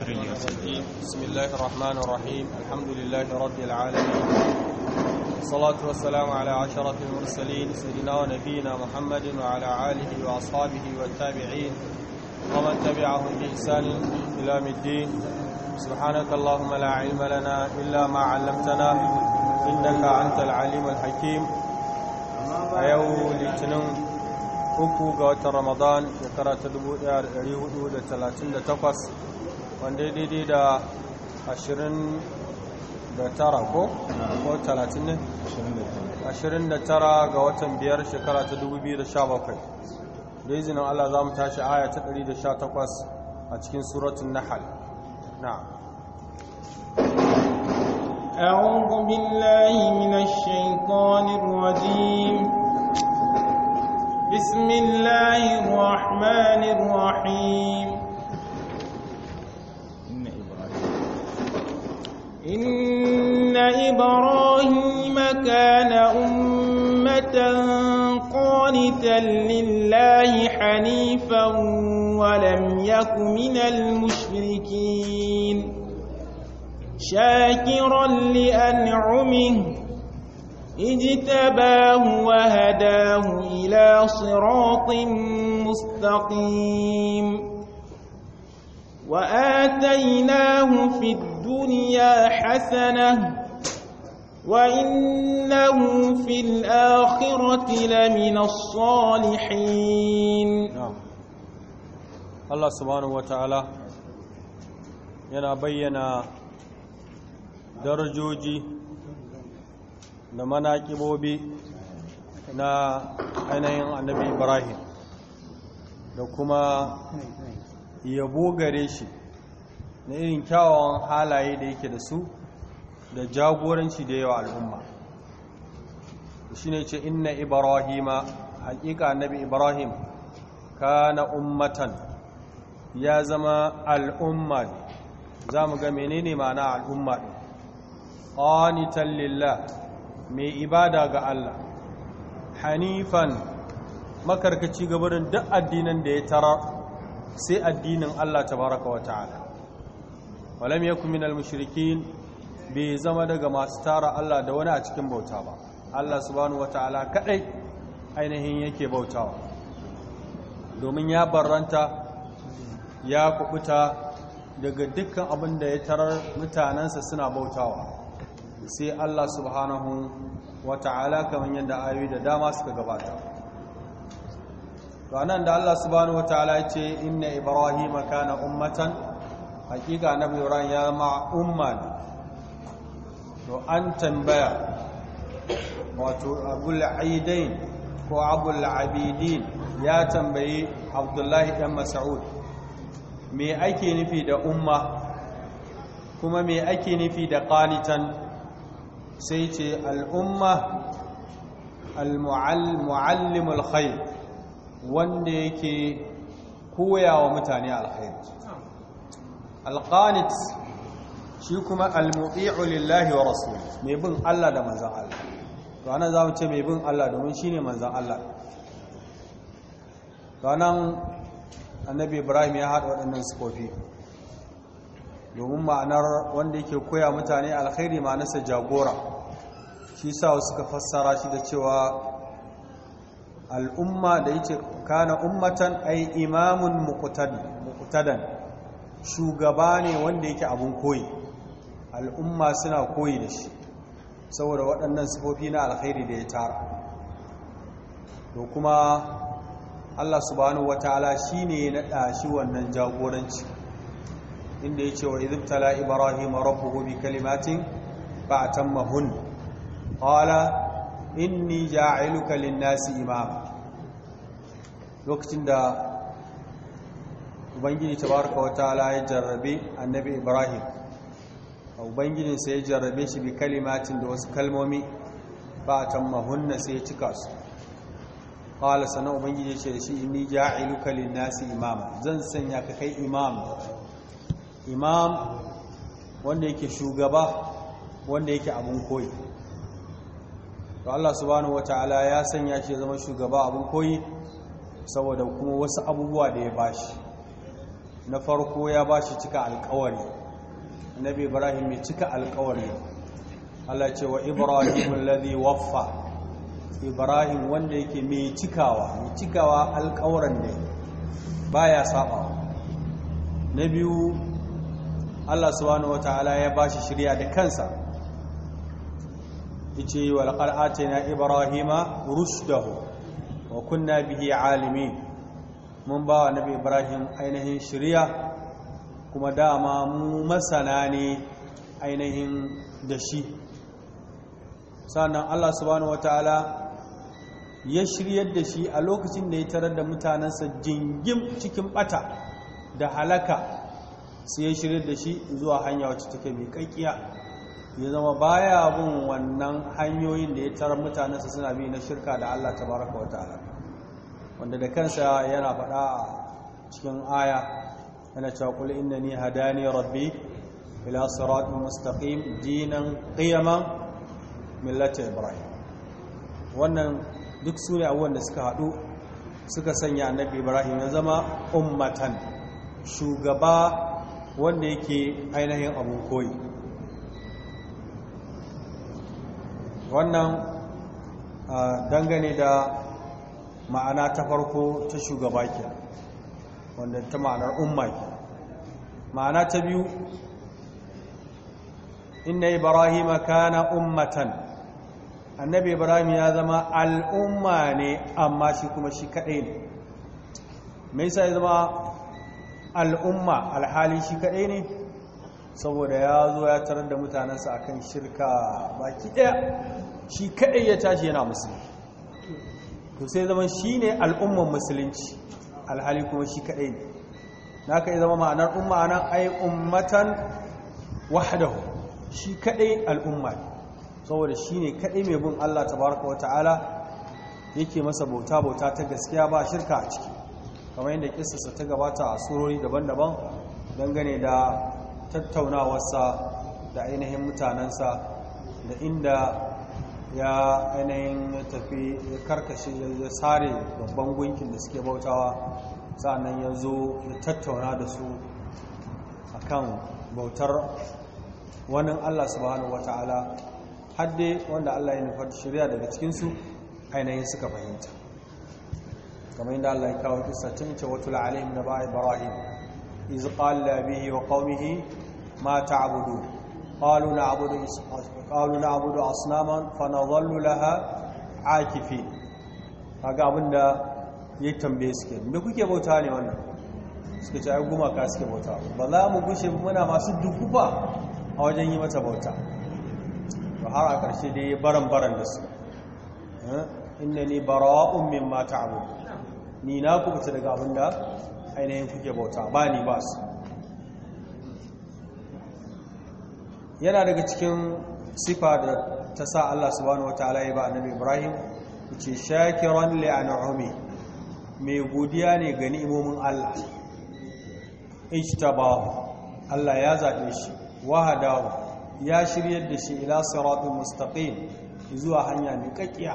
بسم الله الرحمن الرحيم الحمد لله رب العالمين الصلاة والسلام على عشرة المرسلين سيدنا ونبينا محمد وعلى آله وأصحابه والتابعين ومن تبعهم بإحسان إلى الدين سبحانك اللهم لا علم لنا إلا ما علمتنا إنك أنت العليم الحكيم أيوه لتنم uku ga watan ramadan shekara ta 1438 wanda ya daidai da 29 ko? ko 30 ne? 29 ga watan biyar shekara ta 2017 da izinin Allah za mu tashi aya ta 118 a cikin suratun nahal na أعوذ بالله من الشيطان الرجيم بسم الله الرحمن الرحيم إن إبراهيم كان أمة قانتا لله حنيفا ولم يك من المشركين شاكرا لأنعمه اجتباه وهداه إلى صراط مستقيم وآتيناه في الدنيا حسنة وإنه في الآخرة لمن الصالحين نعم الله سبحانه وتعالى ينا بينا درجوجي نمنا كبوبي نا أنا النبي إبراهيم دوكما yabo gare shi na irin kyawawan halaye da yake da su da jagoranci da yawa al'umma shi ne ce inna ibrahima hakika nabi ibrahim kana ummatan ya zama al'umma ne za mu ga menene ma'ana al'umma ne ƙanitan lillah mai ibada ga Allah hanifan makarkaci gabarin duk addinan da ya tarar sai addinin Allah tabaraka wa ta'ala walam yakun minal mushrikin bai zama daga masu tara Allah da wani a cikin bauta ba Allah subhanahu wa ta'ala kadai ainihin yake bautawa domin ya barranta ya kubuta daga dukkan abin da ya tarar mutanensa suna bautawa sai Allah subhanahu wa ta'ala kamar yadda ayoyi da dama suka gabata to anan da Allah subhanahu wataala ya ce inna ibrahima kana ummatan hakika annabi ibrahim ya ma umma to an tambaya wato abul aidain ko abul abidin ya tambayi abdullahi dan mas'ud me ake nufi da umma kuma me ake nufi da qanitan sai ce al umma al muallimul khair wanda yake koyawa mutane alkhairi alqanit shi kuma almu'i'u lillahi wa rasuli mai bin Allah da manzan Allah to ana za mu ce mai bin Allah domin shine manzan Allah to nan annabi Ibrahim ya hada waɗannan sifofi domin ma'anar wanda yake koya mutane alkhairi ma'anarsa jagora shi sa suka fassara shi da cewa al'umma da yake kana ummatan ai imamun muqtadan shugaba ne wanda yake abun koyi al'umma suna koyi da shi saboda waɗannan sifofi na alkhairi da ya tara to kuma Allah subhanahu wataala shine ya nada shi wannan jagoranci inda yake wa idhtala ibrahima rabbuhu bi kalimatin fa atammahun qala inni ja'iluka lin-nasi imama lokacin da ubangiji tabaraka wataala ya jarrabe annabi ibrahim ubangijin sai ya jarrabe shi bi kalimatin da wasu kalmomi ba a tammahunna sai ya cika su qala sana ubangiji ce shi inni ja'iluka lin-nasi imama zan sanya ka kai imam imam wanda yake shugaba wanda yake abun koyi to Allah subhanahu wataala ya sanya shi zama shugaba abin koyi saboda kuma wasu abubuwa da ya bashi na farko ya bashi cika alkawari annabi ibrahim mai cika alkawari Allah ce wa ibrahim alladhi waffa ibrahim wanda yake mai cikawa mai cikawa alkawaran ne baya saba na biyu Allah subhanahu wataala ya bashi shirya da kansa yace wal na ibrahima rushdahu wa kunna bihi alimi mun ba wa nabi ibrahim ainihin shirya kuma dama mu masana ne ainihin da shi sannan Allah subhanahu wataala ya shiryar da shi a lokacin da ya tarar da mutanensa jingim cikin bata da halaka sai ya shiryar da shi zuwa hanya wacce take mai kakkiya ya zama baya bin wannan hanyoyin da ya tarar mutanensa suna bi na shirka da Allah Ta baraka wa ta'ala wanda da kansa yana faɗa a cikin aya yana cewa inda ni hadani rabbi ila siratin mustaqim dinan qiyaman millata ibrahim wannan duk su ne abubuwan da suka haɗu suka sanya annabi ibrahim ya zama ummatan shugaba wanda yake ainihin abun koyi wannan dangane da ma'ana ta farko ta shugaba ke wanda ta ma'anar umma ke ma'ana ta biyu inna ibrahima kana ummatan annabi ibrahim ya zama al'umma ne amma shi kuma shi kadai ne me yasa ya zama al'umma alhali shi kaɗai ne saboda ya zo ya tarar da mutanensa a kan shirka baki ɗaya shi kaɗai ya tashi yana musulmi to sai zama shi ne al'umman musulunci alhali kuma shi kaɗai ne na ka zama ma'anar umma nan ai ummatan wahadahu shi kaɗai al'umma ne saboda shi ne kaɗai mai bin allah tabaraka wa ta'ala yake masa bauta bauta ta gaskiya ba shirka a ciki kamar yadda kisarsa ta gabata a surori daban-daban dangane da tattaunawarsa da ainihin mutanensa da inda ya ainihin tafi ya karkashe ya sare babban gunkin da suke bautawa sa'annan ya zo ya tattauna da su akan bautar wani allah subhanahu wata'ala hadde wanda allah ya nufar shirya daga cikinsu ainihin suka fahimta kamar yadda allah ya kawo kisa cin ce watul alim na ba ibrahim إذ قال لأبيه وقومه ما تعبدون قالوا نعبد قالوا نعبد أصناما فنظل لها عاكفين kaga abin da tambaye suke me kuke bauta ne wannan suka ce ai ka suke bauta ba za mu gushe muna masu duku ba a wajen yi mata bauta ba har a ƙarshe dai ya baran-baran da su inna ni bara'un mimma ta'budu ni na kubuta daga abinda. ainihin kuke bauta ba ni ba su yana daga cikin sifa da ta sa Allah subhanahu wata ya ba annabi Ibrahim ce shakiran li an'ami mai godiya ne ga ni'imomin Allah ijtabahu Allah ya zabe shi wahadahu ya shiryar da shi ila siratul mustaqim zuwa hanya miƙaƙiya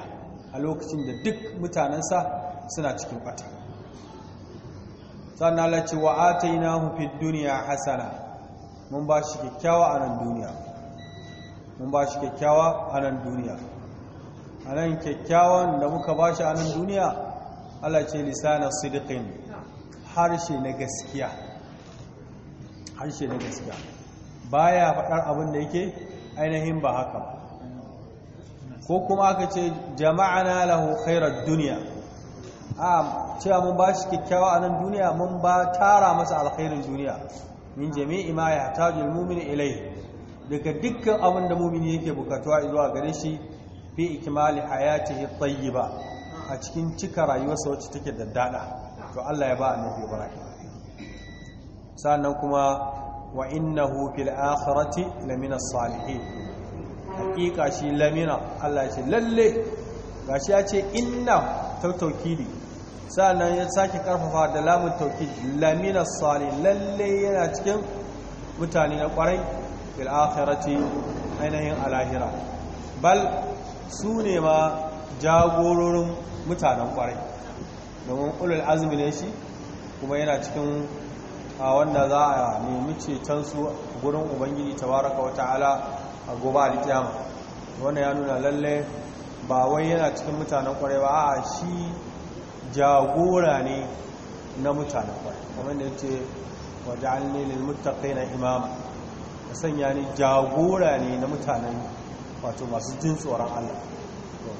a lokacin da duk mutanensa suna cikin fata. sannan Allah ce wa hu fid dunya hasana mun ba shi kyakkyawa a nan duniya mun ba shi kyakkyawa a nan duniya a nan kyakkyawan da muka ba shi a nan duniya Allah ce lisana sidiqin harshe na gaskiya harshe na gaskiya baya faɗar abin da yake ainihin ba haka ko kuma aka ce jama'ana lahu khairar duniya a cewa mun ba shi kyakkyawa a nan duniya mun ba tara masa alkhairin duniya min jami'i ma ya tajul mu'minu ilai daga dukkan abin da mu'mini yake bukatuwa zuwa gare shi fi ikmali hayatihi tayyiba a cikin cika rayuwarsa wacce take daddada to Allah ya ba annabi ibrahim sannan kuma wa innahu fil akhirati lamina salihin hakika shi lamina Allah ya ce lalle gashi ya ce inna tautaukili sa'annan ya sake karfafa da lamun tauki lamina sali lalle yana cikin mutane na kwarai fil akhirati ainihin alahira bal su ne ma jagororin mutanen kwarai domin ulul azumi ne shi kuma yana cikin a wanda za a nemi su gurin ubangiji tabaraka wa ta'ala a gobe alkiyama wannan ya nuna lalle ba wai yana cikin mutanen kwarai ba a shi jagora ne na mutane kwarai kamar da ce waje an lilin na imama da sanya ne jagora ne na mutanen wato masu jin tsoron allah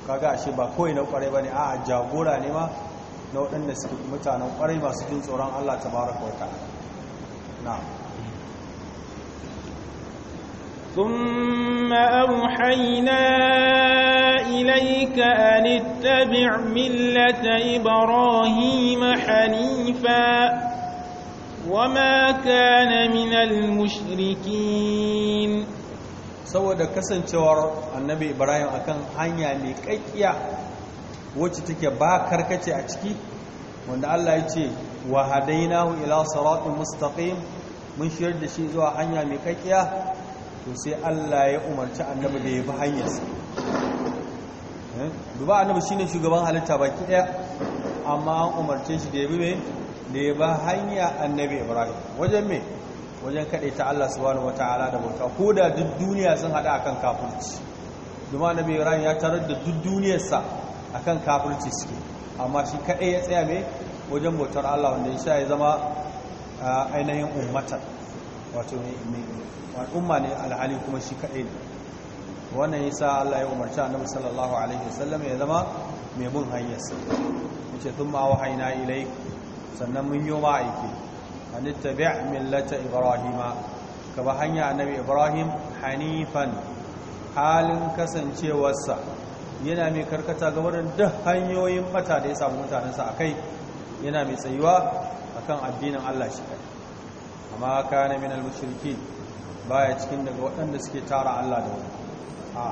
kaga ashe ba kawai na kwarai ba ne a jagora ne ma na waɗanda suke mutanen kwarai masu jin tsoron allah ta baraka wata na إليك أن اتبع ملة إبراهيم حنيفا وما كان من المشركين saboda kasancewar annabi ibrahim akan hanya mai kakkiya wacce take ba karkace a ciki wanda allah ya ce wa hadainahu ila siratin mustaqim mun shiyar da shi zuwa hanya mai kakkiya to sai allah ya umarci annabi da ya bi hanyarsa Eh? duba annabi ne shugaban halitta baki daya amma an umarce shi da yabi mai da ya ba hanya annabi ibrahim wajen me wajen kaɗe ta Allah subhanahu wataala da bauta ko da duk duniya sun haɗa akan kafirci na annabi ibrahim ya tarar da duk duniyarsa akan kafirci suke amma shi kaɗai ya tsaya mai wajen bautar Allah wanda ya sha ya zama ah, ainihin ummatan wato mai umma ne alhali kuma shi kaɗai ne wannan sa Allah ya umarci annabi sallallahu alaihi wasallam ya zama mai bin hanyarsa yace thumma wahayna ilai sannan mun yi ma aiki an tabi' millata ibrahima ka ba hanya annabi ibrahim hanifan halin kasancewarsa yana mai karkata ga wurin duk hanyoyin bata da ya samu mutanensa akai yana mai tsayuwa akan addinin Allah shi kai amma kana min al-mushrikin baya cikin daga waɗanda suke tara Allah da wani a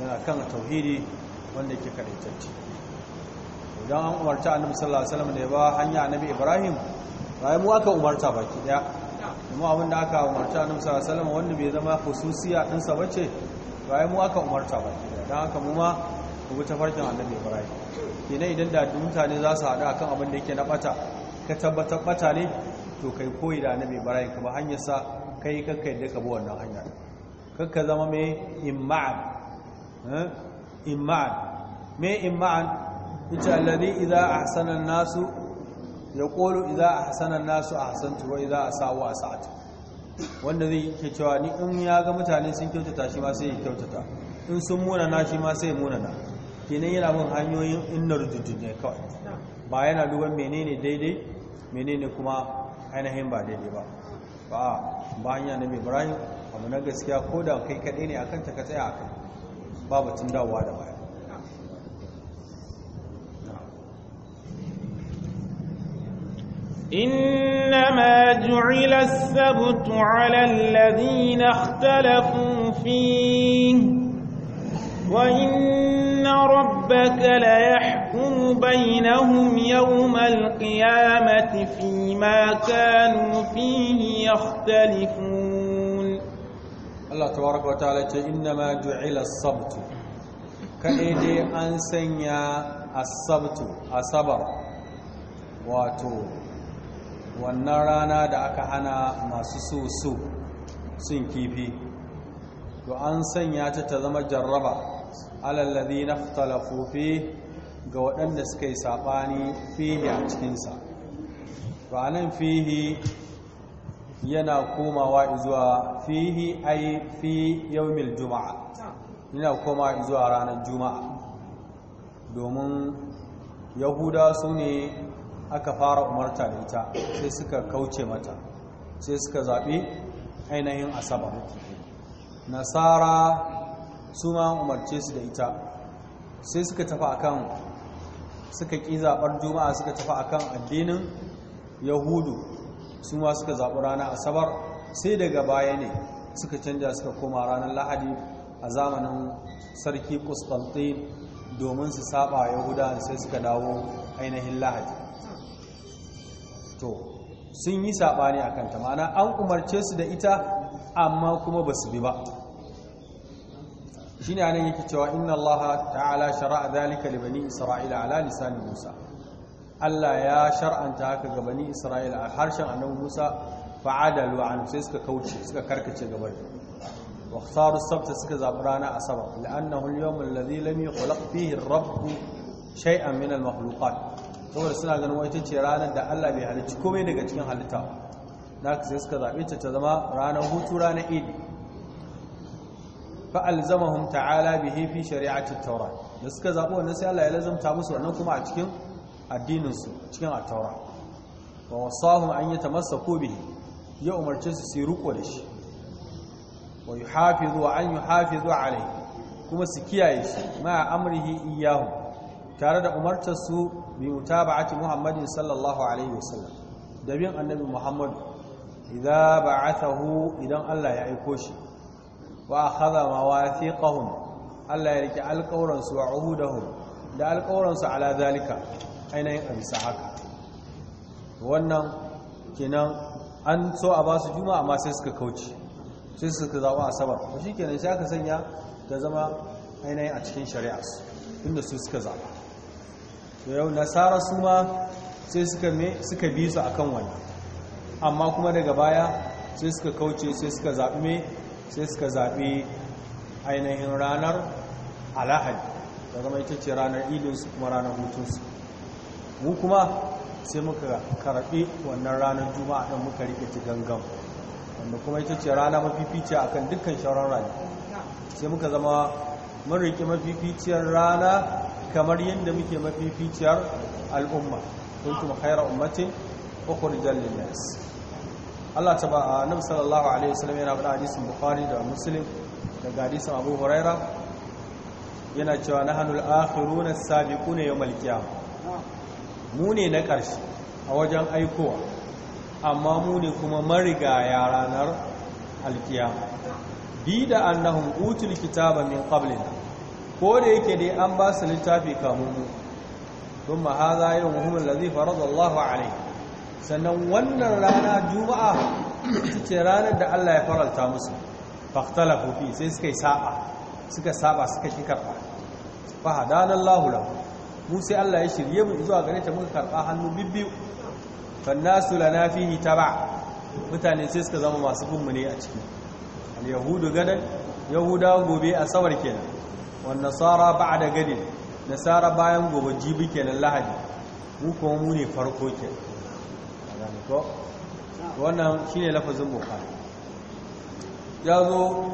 yana kan tauhidi wanda yake karaitacce idan an umarta annabi sallallahu alaihi wasallam da ya ba hanya annabi ibrahim bai mu aka umarta baki daya kuma abin da aka umarta annabi sallallahu alaihi wasallam wanda bai zama khususiya din sa bace bai mu aka umarta baki daya dan haka mu ma ku bi tafarkin annabi ibrahim kenan idan da mutane za su hada kan abin da yake na bata ka tabbatar bata ne to kai koyi da annabi ibrahim kuma hanyarsa kai kakkai da ka bi wannan hanya kakka zama mai imma'an eh? imma'an mai imma'an ita alladhi idza ahsana an-nasu yaqulu idza ahsana an-nasu ahsantu wa idza asaa'u asa'tu wanda zai ke cewa ni in ya ga mutane sun kyautata shi ma sai ya kyautata in sun munana shi ma sai ya munana kenan yana bin hanyoyin innar jujjun ne kawai ba yana duban menene daidai menene kuma ainihin ba daidai ba ba ba hanya na ibrahim abu na gaskiya ko da kai kaɗai ne akan ta ka tsaya akan babu tun dawowa da baya إنما جعل السبت على الذين اختلفوا فيه وإن ربك ليحكم بينهم يوم القيامة فيما كانوا فيه يختلفون Allah tabaraka wa ta'ala ce innama ju'ila as-sabtu ka dai an sanya as-sabtu asabar wato wannan rana da aka hana masu so so sun kifi to an sanya ta ta zama jarraba alal na ikhtalafu fi ga waɗanda suka yi sabani fihi a cikinsa. sa to fihi yana komawa zuwa fihi ai fi yawmil juma'a yana komawa zuwa ranar juma'a domin yahuda su ne aka fara umarta da ita sai suka kauce mata sai suka zaɓi ainihin asabar nasara su ma umarce su da ita sai suka tafi akan suka ƙi zaɓar juma'a suka tafi akan addinin yahudu su ma suka zaɓi ranar asabar sai daga baya ne suka canja suka koma ranar lahadi a zamanin sarki kustantin domin su saba yahuda sai suka dawo ainihin lahadi to sun yi saɓani a kanta mana an umarce su da ita amma kuma ba su bi ba shi ne anan yake cewa inna allaha ta'ala shara'a zalika libani isra'ila ala lisanin musa Allah ya shar'anta haka ga bani Isra'ila a harshen annabi Musa fa'adalu an sai suka kauce suka karkace gaban wa khasaru sabta suka zabi rana asabar la'annahu al-yawm alladhi lam yukhlaq fihi ar-rabb shay'an min al-makhluqat saboda suna ganin wai tace ranar da Allah bai halicci komai daga cikin halitta naka sai suka zabe ta zama ranar hutu ranar Eid ta'ala تعالى به في شريعة التوراة da suka zabo wannan sai Allah ya lazamta musu wannan kuma a cikin addininsu cikin attaura wa wasahum an yi tamassaku bihi ya umarce su su riko da shi wa yuhafizu wa an yuhafizu alayhi kuma su kiyaye shi ma amrihi iyahu tare da umartar su bi mutaba'ati muhammadin sallallahu alaihi wasallam da bin annabi muhammadu idan ba'athahu idan Allah ya aiko shi wa akhadha ƙahun Allah ya rike alƙawransu wa uhudahum da alƙawransu ala zalika ainihin ansa haka wannan kenan an so a ba su juma amma sai suka kauce sai suka zaɓa asabar ba shi kenan sai aka sanya ta zama ainihin a cikin shari'a inda su suka zaɓa yau nasara su ma sai suka bi su akan wani amma kuma daga baya sai suka kauce sai suka zaɓi me sai suka zaɓi ainihin ranar alahadi da zama ita ce ranar idinsu kuma ranar hutunsu mu kuma sai muka karɓi wannan ranar juma'a don muka rike ci gangan wanda kuma ita ce rana mafificiya a kan dukkan shawarar rani sai muka zama mun rike mafificiyar rana kamar yadda muke mafificiyar al'umma don kuma khayra ummatin ukhrijal jallin nas Allah ta ba a nan sallallahu alaihi wasallam yana bada hadisin bukari da musulun daga hadisin abu huraira yana cewa na hannun akhiruna na sabi kuna yau malkiya mu ne na ƙarshe a wajen aikowa amma mu ne kuma ya ranar alkiya bi da annahum utul kitaba min qablina ko da yake dai an ba su littafi kamun mu thumma hadha yawmuhum alladhi farada Allahu alayhi sannan wannan rana juma'a ita ce ranar da Allah ya faralta musu fakhtalafu fi sai suka yi saba suka saba suka shi karfa fa mu sai Allah ya shirye mu zuwa gare ta muka karba hannu bibbiyu fa nasu lana fihi taba mutane sai suka zama masu bin mu ne a ciki al yahudu gadan yahuda gobe a sabar kenan wan nasara ba'da gadin nasara bayan gobe jibi kenan lahadi mu kuma mu ne farko kenan ko wannan shine lafazin bukhari ya zo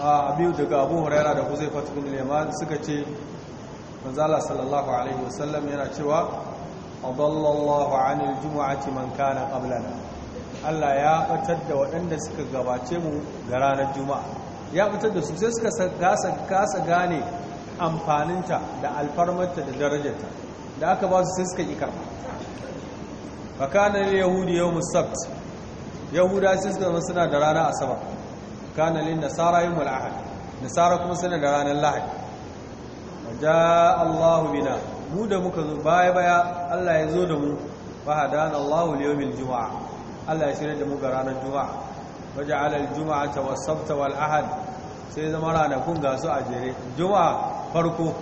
a daga abu huraira da huzaifa tukun liman suka ce manzala sallallahu alaihi wasallam yana cewa adallallahu anil jumu'ati man kana qablana Allah ya fitar da waɗanda suka gabace mu ga ranar juma'a ya fitar da su sai suka kasa gane amfaninta da alfarmarta da darajarta da aka ba su sai suka ƙi karɓa fakanar yahudi yau musabt yahuda sai suka zama suna da ranar asabar kanalin nasara yin mul'ahad nasara kuma suna da ranar lahadi ja Allahu bina mu da muka zo baya baya Allah ya zo da mu fa hadana Allahu liyawmil juma'a Allah ya shirya da mu ga ranar juma'a waja'ala al-jum'ata was-sabta wal-ahad sai zama ranakun ga su a jere juma'a farko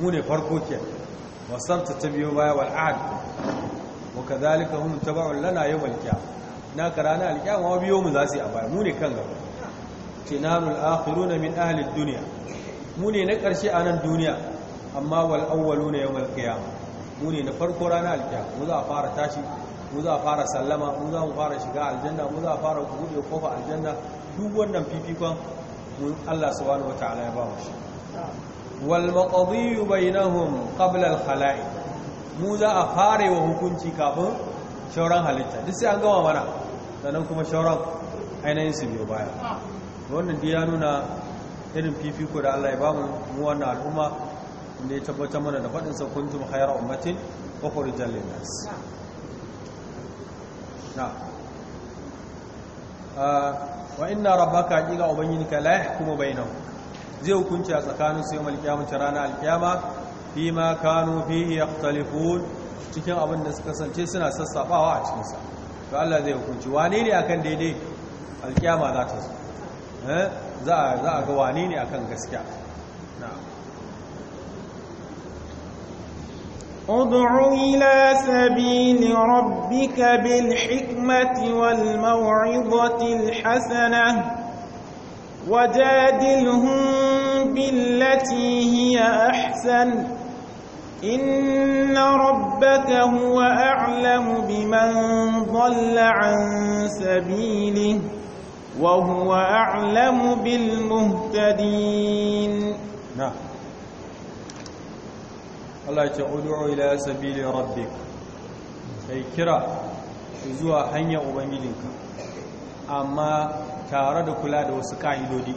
mu ne farko ke was-sabta ta biyo baya wal-ahad wa kadhalika hum tab'un lana yawmal qiyamah na karana al-qiyamah biyo mu zasu a baya mu ne kan gaba tinanul akhiruna min ahli ad-dunya mu ne na ƙarshe a nan duniya amma wal awwalu na yawmal qiyama mu ne na farko ranar alkiyama mu za a fara tashi mu za a fara sallama mu za mu fara shiga aljanna mu za a fara buɗe kofa aljanna duk wannan fifikon mun Allah subhanahu wataala ya ba mu shi wal maqdi bainahum qabla al khala'i mu za a fare wa hukunci kafin shauran halitta duk sai an gama mana sannan kuma shauran ainihin su biyo baya wannan dai ya nuna irin fifiko da Allah ya ba mu wannan al'umma inda ya tabbatar mana da faɗin sakuntum khayra ummatin ukhrijal linnas na ah, wa inna rabbaka ila ubangijinka la yahkumu bainahum zai hukunci a tsakanin su yawmal qiyamati rana alqiyama fi ma kanu fihi yakhtalifun cikin abin da suka sance suna sassafawa a cikin sa to Allah zai hukunci wane ne akan daidai alqiyama za ta zo eh za a ga wani ne akan gaskiya ادع إلى سبيل ربك بالحكمة والموعظة الحسنة وجادلهم بالتي هي أحسن إن ربك هو أعلم بمن ضل عن سبيله وهو أعلم بالمهتدين نعم الله يقول إلى سبيل ربك أي كرا zuwa hanyar ubangijinka amma tare da kula da wasu ka'idodi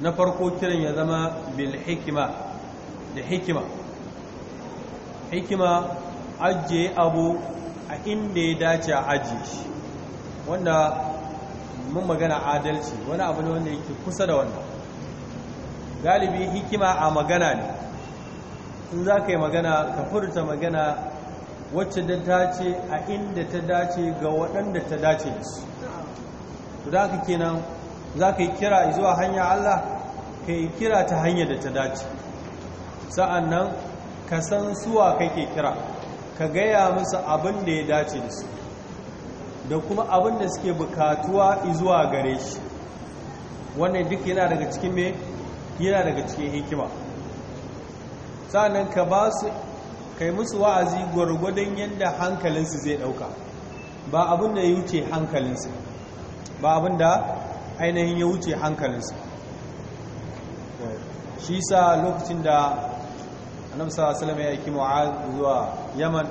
na farko kiran ya zama bil hikima da hikima hikima ajiye abu a inda ya dace a aji. shi wanda mun magana adalci wani abu ne wanda yake kusa da wannan galibi hikima a magana ne in za ka yi magana ka furta magana wacce da dace a inda ta dace ga waɗanda ta dace da su da ke kenan za ka yi kira zuwa hanya Allah ka yi kira ta hanya da ta dace sa'an nan ka san suwa kake kira ka gaya musu abin da ya dace da su da kuma abin da suke bukatuwa zuwa gare shi wannan duk yana daga cikin me yana daga cikin hikima sa'annan ka ba su kai musu wa'azi gwargwadon yadda hankalinsu zai dauka ba abin da ya wuce hankalinsu ba abin da ainihin ya wuce hankalinsu shi sa lokacin da annabi sallallahu alaihi wasallam ya aiki mu'az zuwa yaman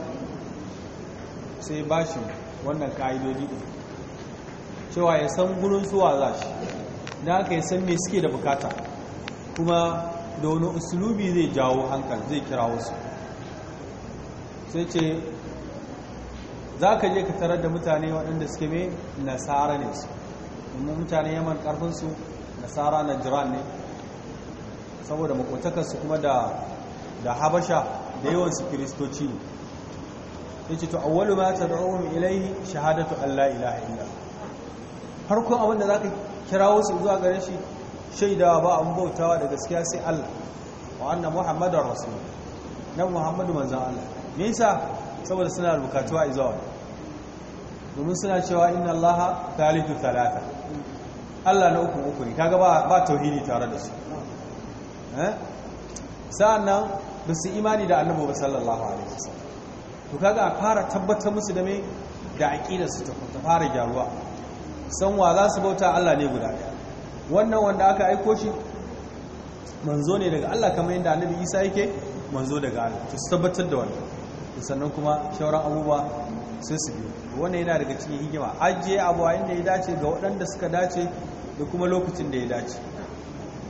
sai bashi wannan ka'idodi ne. cewa ya san gurin suwa za shi da aka yi san me suke da bukata kuma da wani usulubi zai jawo hankali zai kira wasu sai ce za ka je ka tarar da mutane waɗanda suke mai nasara ne su domin mutane yaman ƙarfinsu nasara na jiran ne saboda makwatakarsu kuma da habasha da yawansu kiristoci ne yace to awwalu ma tad'uhum ilayhi shahadatu an la ilaha illa farkon abin da zaka kirawo su zuwa gare shi shaidawa ba an bautawa da gaskiya sai Allah wa anna muhammadar rasul nan muhammadu manzon Allah me yasa saboda suna bukatuwa izawa domin suna cewa inna allaha thalithu thalatha Allah na uku uku ne kaga ba ba tauhidi tare da su eh sa'annan ba su imani da annabi sallallahu alaihi wasallam to kaga a fara tabbatar musu da mai da su ta fara gyaruwa san wa za su bauta Allah ne guda ɗaya wannan wanda aka aiko shi manzo ne daga Allah kamar yadda annabi Isa yake manzo daga Allah to tabbatar da wannan sannan kuma shauran abubuwa sai su biyu wannan yana daga cikin hikima ajiye abu a inda ya dace ga waɗanda suka dace da kuma lokacin da ya dace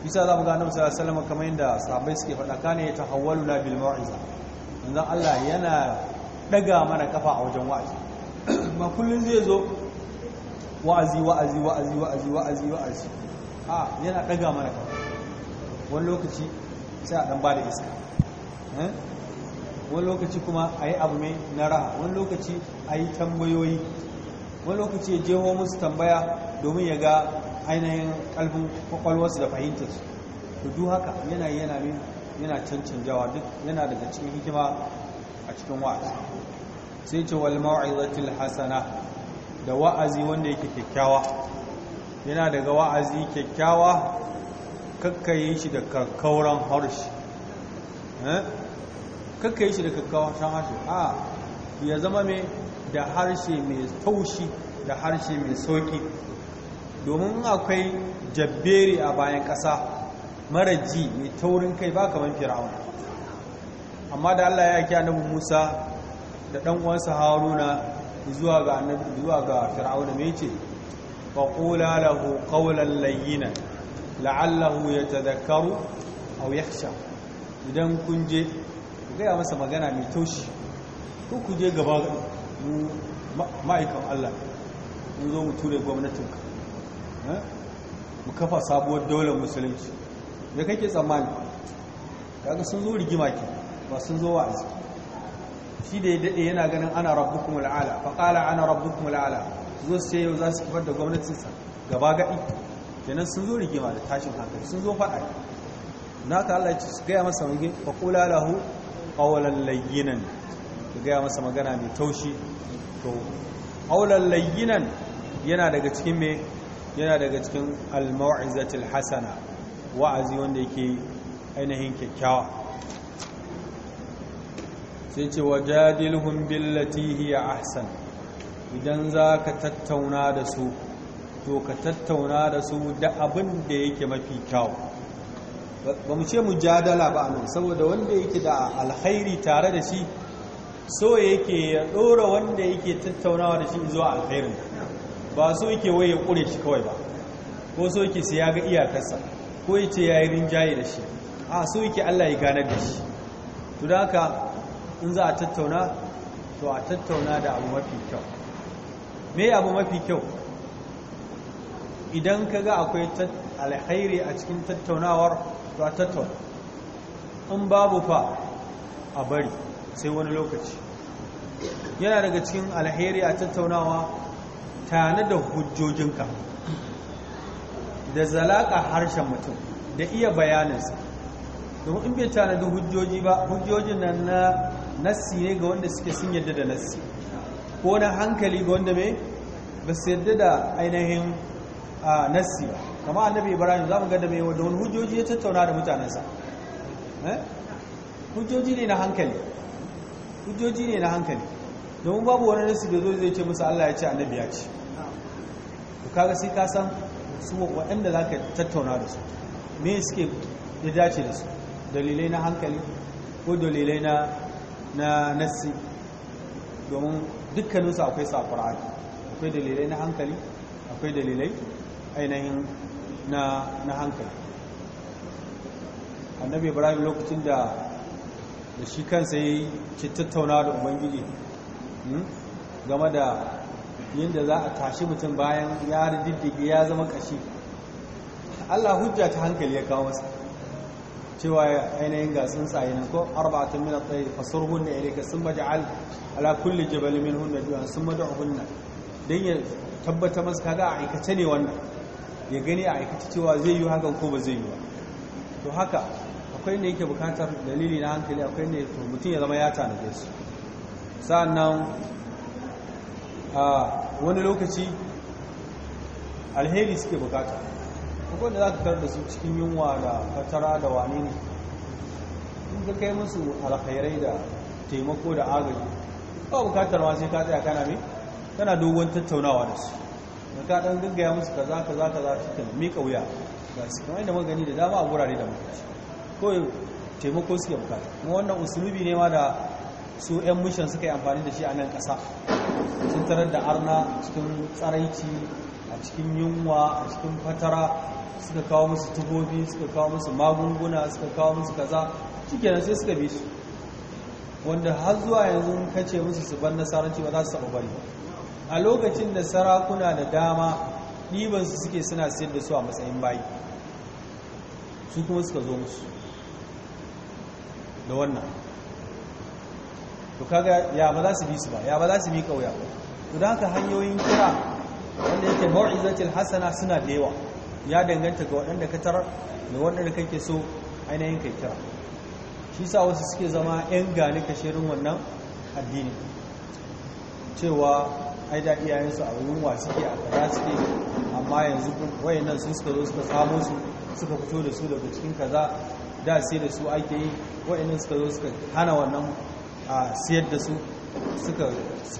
bisa za mu ga annabi sallallahu alaihi wasallam kamar yadda sahabbai suke faɗa kana ya tahawwalu la bil mau'iza dan Allah yana ɗaga mana kafa a wajen wa'azi ba kullum zai zo wa'azi wa'azi wa'azi wa'azi wa'azi wa'azi a yana ɗaga mana kafa wani lokaci sai a ɗan ba da iska eh? wani lokaci kuma a yi abu mai na raha wani lokaci a yi tambayoyi wani lokaci ya jeho musu tambaya domin ya ga ainihin kalbin kwakwalwarsu da fahimtarsu to duk haka yana yana min yana cancanjawa duk yana daga cikin hikima a cikin wa'azi sai ce wal mau'izatil hasana da wa'azi wanda yake kyakkyawa yana daga wa'azi kyakkyawa kakkaye shi da kakkauran harshe eh? kakkaye shi da kakkauran harshe a ya zama mai da harshe mai taushi da harshe mai sauki domin akwai jabbere a bayan ƙasa mara ji mai taurin kai ba kamar fir'auna amma da Allah ya aiki annabi Musa da dan uwansa Haruna zuwa ga annabi zuwa ga Fir'auna me yace fa qula lahu qawlan layyina la'allahu yatadhakkaru aw yakhsha idan kun je ku ga masa magana mai taushi ko ku je gaba mu ma'aikan Allah mun zo mu ture ka eh? mu kafa sabuwar daular musulunci me kake tsammani kaga sun zo rigima kenan ba sun zo wa azi shi da ya daɗe yana ganin ana rabbukum kuma fa qala ana kuma la'ala zo sai yau za su kifar da gwamnatinsa gaba gaɗi kenan sun zo rigima da tashin hankali sun zo faɗa na ka Allah ya su gaya masa mugi fa qula lahu ƙawalan layyinan ka gaya masa magana mai taushi to ƙawalan layyinan yana daga cikin me yana daga cikin al-mau'izatil hasana wa'azi wanda yake ainihin kyakkyawa sai ce wa jadilhun billati hiya ahsan idan za ka tattauna da su to ka tattauna da su da abin da yake mafi kyau ba mu ce mu mujadala ba nan saboda wanda yake da alkhairi tare da shi so yake ya ɗora wanda yake tattaunawa da shi zuwa alkhairin ba so yake waye ƙure shi kawai ba ko so yake sai ya ga iyakarsa ko ya ce ya rinjaye da shi a so yake allah ya ganar da shi to da haka in za a tattauna to a tattauna da abu mafi kyau me abu mafi kyau idan ka ga akwai alhairi a cikin tattaunawar to a tattauna in babu fa a bari sai wani lokaci yana daga cikin alheri a tattaunawa tare da hujjojinka da zalaka harshen mutum da iya bayaninsa domin in bai tare da hujjoji ba hujjojin nan na nassi ne ga wanda suke sun yadda da nassi ko na hankali ga wanda mai ba su yadda da ainihin nassi ba kama annabi ibrahim za mu ga da mai wanda wani hujjoji ya tattauna da mutanensa eh? hujjoji ne na hankali hujjoji ne na hankali domin babu wani nassi da zo zai ce musu allah ya ce annabi ya ce ku kaga sai ka san su waɗanda za ka tattauna da su me suke da dace da su dalilai na hankali ko dalilai na na nassi domin dukkaninsu akwai sa akwai dalilai na hankali akwai dalilai ainihin na hankali annabi ibrahim lokacin da da shi kansa yi ce tattauna da ubangiji hmm, game da yadda za a tashi mutum bayan ya diddige ya zama kashi allah hujja ta hankali ya kawo masa cewa ainihin ga tsuntsaye nan ko arba'atun min at-tayr sun ilayka thumma ja'al ala kulli jabal minhunna ju'an thumma da'uhunna dan ya tabbata masa kaga a aikace ne wannan ya gani a aikace cewa zai yi hakan ko ba zai yi ba to haka akwai ne yake bukatar dalili na hankali akwai ne to mutum ya zama ya tanade su sa'annan a wani lokaci alheri suke bukata akwai da za ka kar da su cikin yunwa da fatara da wane ne in ka kai musu alkhairai da taimako da agaji ba bukatar ma sai ka tsaya kana me kana dogon tattaunawa da su da ka dan gaggaya musu kaza kaza kaza cikin mika wuya ga su kamar da magani da dama a gurare da mutunci ko taimako suke bukata kuma wannan usulubi ne ma da su 'yan mishan suka yi amfani da shi a nan ƙasa sun tarar da arna cikin tsaraici a cikin yunwa a cikin fatara suka kawo musu tubobi suka kawo musu magunguna suka kawo musu kaza na sai suka bi su wanda har zuwa yanzu kace musu su bar nasaranci ba za su taɓa bari a lokacin da sarakuna da dama ɗibansu suke suna sayar da su a matsayin bayi su kuma suka zo musu da wannan to kaga ya ba za su bi su ba ya ba za su bi kauya to da haka hanyoyin kira wanda yake mau'izatul hasana suna da yawa ya danganta ga waɗanda ka tarar da waɗanda kake so ainihin kai kira shi sa wasu suke zama 'yan gani kashirin wannan addini cewa ai da iyayensu a yunwa suke a kaza suke amma yanzu wayannan sun suka zo suka samu su suka fito da su daga cikin kaza da sai da su ake yi wayannan suka zo suka hana wannan a siyar da su suka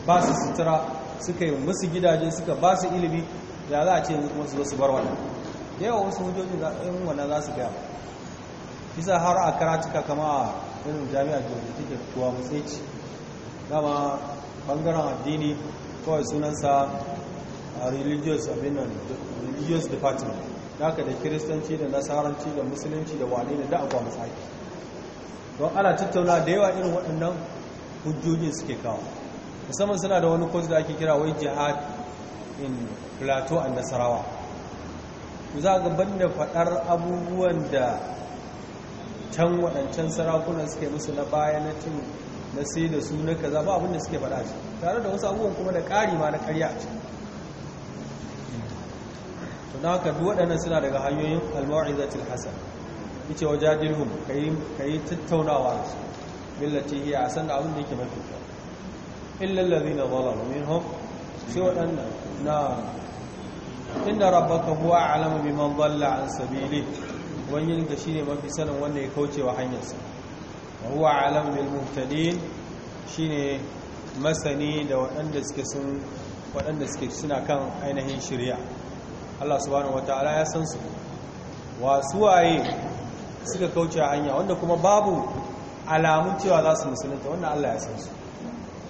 ba su sutura suka yi musu gidaje suka ba su ilimi ya za a ce yanzu kuma su zo su bar wannan da yawa wasu hujjoji za a wannan za su gaya bisa har a karatuka kama irin jami'a jami'a take kuwa mutsaici dama bangaren addini kawai sunansa a religious abin nan religious department aka da kiristanci da nasaranci da musulunci da wane da da'awa musaki don ana tattauna da yawa irin waɗannan hujjojin suke kawo musamman suna da wani kwas da ake kira wai jihad in plateau a nasarawa za ga banda faɗar abubuwan da can waɗancan sarakunan suke musu na baya na cin na sai da su na kaza ba abinda suke fada ce tare da wasu abubuwan kuma da ƙari ma na ƙarya a to na haka duk waɗannan suna daga hanyoyin almawa'izatul hasan yace wajadilhum ka yi tattaunawa da su billati hiya san da abin da yake mafi kyau illallazi na zalamu minhum sai waɗannan na inda rabbaka huwa alamu biman dalla an sabili wani da shi ne mafi sanin wanda ya kauce wa hanyarsa wa huwa alamu bil muhtadin shine masani da waɗanda suke sun suna kan ainihin shirya Allah subhanahu wataala ya san su waye suka kauce hanya wanda kuma babu alamun cewa za su musulunta wannan Allah ya san su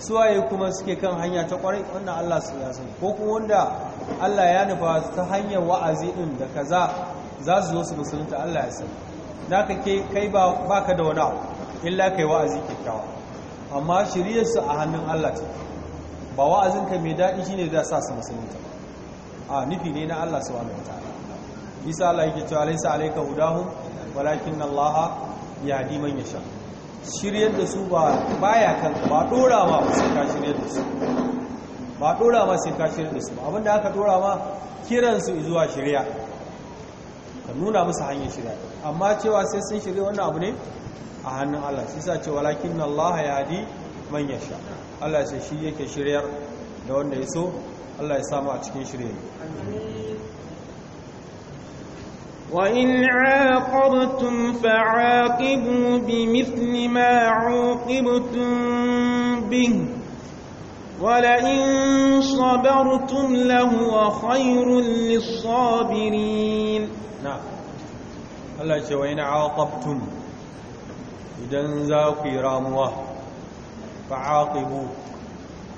suwaye kuma suke kan hanya ta kwarai wannan Allah su ya sani ko kuma wanda Allah ya nufa ta hanyar wa'azi din da kaza za su zo su musulunta Allah ya sani ka ke kai ba baka da wani illa kai wa'azi kyakkyawa amma shirye su a hannun Allah ta ba wa'azin ka mai daɗi shine da sa su musulunta a nufi ne na Allah subhanahu wataala bisa Allah yake cewa laysa alayka hudahum walakin Allah yahdi man yasha' shiryar da su ba ya kan ba dora ma sai ka shiryar da su ba dora ma sai ka shiryar da su ba abinda aka dora ma kiransu zuwa shirya ka nuna musu hanyar shirya amma cewa sai sun shirya wannan abu ne a hannun Allah shi sa cewa lakin Allah ya di man sha, Allah sai shi yake shiryar da wanda ya so Allah ya samu a cikin shirya. وإن عاقبتم فعاقبوا بمثل ما عوقبتم به ولئن صبرتم لهو خير للصابرين نعم الله يقول وإن عاقبتم إذا انزاوا كراموه فعاقبوا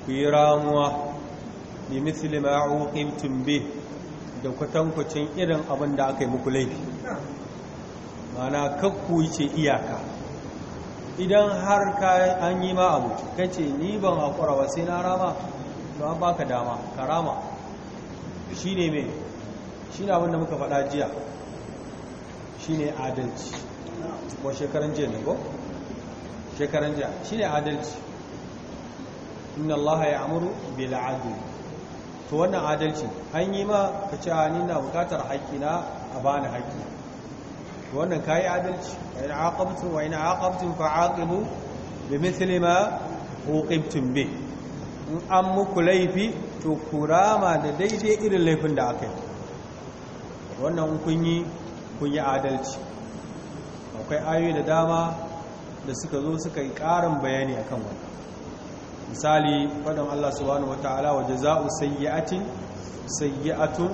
كراموه بمثل ما عوقبتم به da kwatankwacin irin abin da aka yi muku laifi mana kakku ce iyaka idan har an yi ma abu ka ce ni ban haƙura ba sai na rama to an baka dama ka rama shi ne mai shi ne abin muka faɗa jiya shi ne adalci ko shekaran jiya ne ko shekaran jiya shi ne adalci inna allaha ya amuru bil adalci to wannan adalci an yi ma ka ce ni na bukatar na a bani haƙƙi to wannan ka yi adalci yi aqabtum wa in aqabtum fa aqibu da mithli ma uqibtum bi in an muku laifi to kurama da daidai irin laifin da aka yi wannan kun yi kun yi adalci akwai ayoyi da dama da suka zo suka yi ƙarin bayani akan wannan misali fadan Allah subhanahu wataala waje jazaa'u sayyi'atin sayyi'atun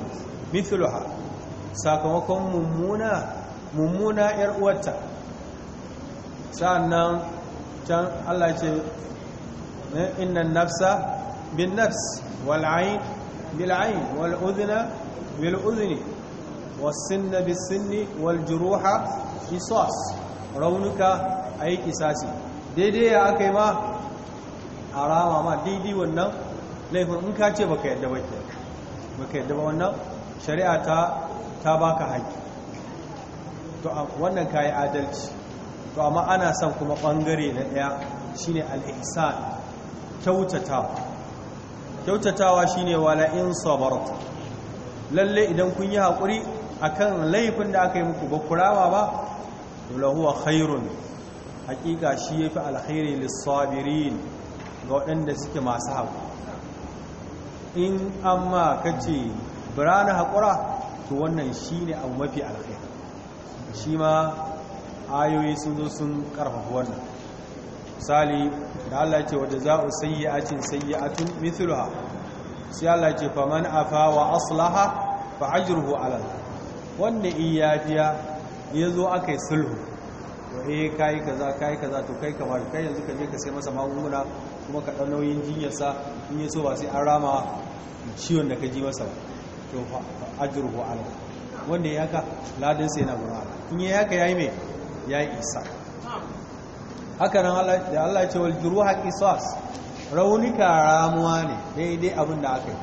mithluha sakamakon mummuna mummuna yar uwarta sa'annan can Allah ce eh, inna nafsa bin nafs wal ayn bil ayn wal udhna bil udhni was sinna bis sinni wal juruha qisas raunuka ayi qisasi daidai ya akai ma a ma daidai wannan laifin in ka ce baka yadda ba ke baka yadda ba wannan shari'a ta ta baka haƙƙi to wannan kayi adalci to amma ana son kuma ɓangare na ɗaya shine al-ihsan kyautatawa kyautatawa shine wala in sabarta lalle idan kun yi haƙuri akan laifin da aka yi muku ba kurawa ba to lahuwa khairun haƙiƙa shi yafi alkhairi lis-sabirin ga waɗanda suke masu haƙo in an ma ka ce birane haƙura to wannan shi ne abu mafi alkhairi shi ma ayoyi sun zo sun ƙarfafa wannan misali da Allah ce wadda za a sayi a tun mithilha sai Allah ce fa a afa wa aslaha fa ajruhu alal wanda in ya ya zo yazo yi sulhu to eh kai kaza kai kaza to kai kamar kai yanzu ka je ka sai masa magunguna kuma kaɗan nauyin jinyarsa in yi so ba sai an rama ciwon da ka ji masa to ajiyar wa'ala wanda ya haka ladin sai na wa'ala in yi haka yayi ya yi isa haka nan da Allah ce wal haƙi sas raunika ramuwa ne daidai abin da aka yi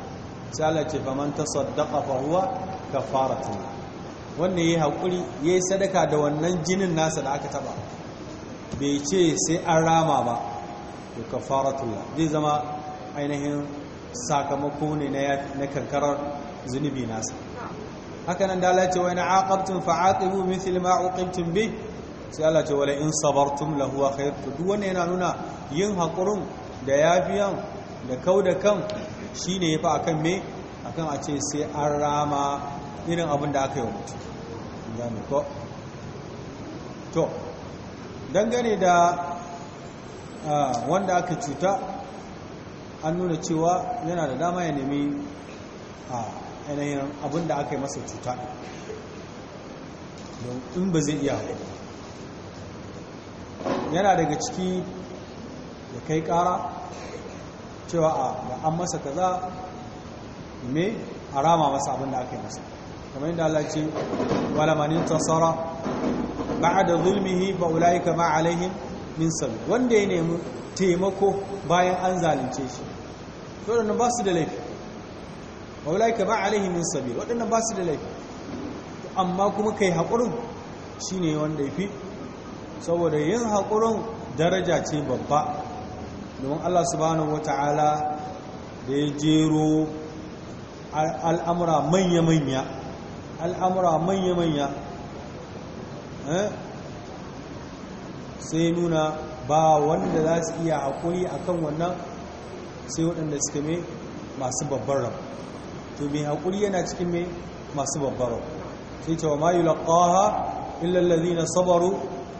sai Allah ce ba tasaddaqa ka fara tuni. wanda haƙuri ya yi sadaka da wannan jinin nasa da aka taba bai ce sai an rama ba da kafaratullah zai zama ainihin sakamako ne na kankarar zunubi nasa haka nan da Allah ce wa in aqabtum fa'aqibu mithl ma uqibtum bi sai Allah ce wala in sabartum lahu kai to duk wannan yana nuna yin hakurin da yafiyan da kauda kan shine yafi akan me akan a ce sai an rama irin abin da aka yi wa mutum gane ko to dangane da wanda aka cuta an nuna cewa yana da dama ya nemi a yanayin abinda aka yi masa cuta in ba zai iya yana daga ciki da kai kara cewa a an masa kaza me a rama masa abinda aka yi masa kamar yadda Allah ce wala manin tasara ba'ada zulmihi fa ulaika ma alaihim min sabi wanda ya nemi taimako bayan an zalunce shi waɗanda ba su da laifi ka ba alaihi min sabi waɗanda ba su da laifi amma kuma kai haƙurin shi ne wanda ya fi saboda yin haƙurin daraja ce babba domin allah subhanahu wa ta'ala da ya jero al'amura manya-manya al'amura manya-manya eh, sai nuna ba wanda za su iya haƙuri a kan wannan sai waɗanda suka mai masu babbar rau to mai haƙuri yana cikin mai masu babbar rau sai ce wa ma yi laƙaha illallazi na sabaru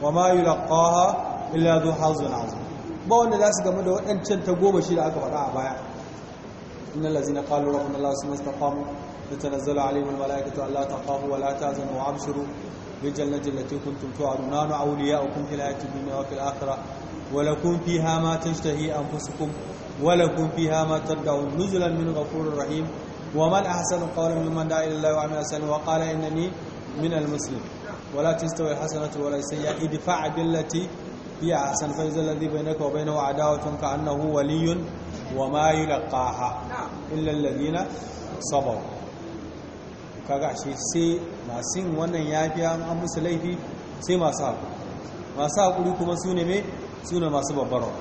wa ma yi laƙaha hazo na azun ba wanda za su gama da waɗancan ta goma shi da aka faɗa a baya inna na ƙalu rafin Allah su masta kwamu da ta nazzala alaihi mala'ikatu Allah ta kwamu wa la ta zama wa abshiru بالجنة التي كنتم توعدون نحن أولياؤكم في الحياة الدنيا وفي الآخرة ولكم فيها ما تشتهي أنفسكم ولكم فيها ما تدعون نزلا من غفور رحيم ومن أحسن قولا ممن دعا إلى الله وعمل حسنا وقال إنني من المسلم ولا تستوي الحسنة ولا السيئة ادفع بالتي هي أحسن فإذا الذي بينك وبينه عداوة كأنه ولي وما يلقاها إلا الذين صبروا kaga ashe sai masu yin wannan ya fi an musu laifi sai masu haƙuri masu haƙuri kuma su ne mai su ne masu babbar wa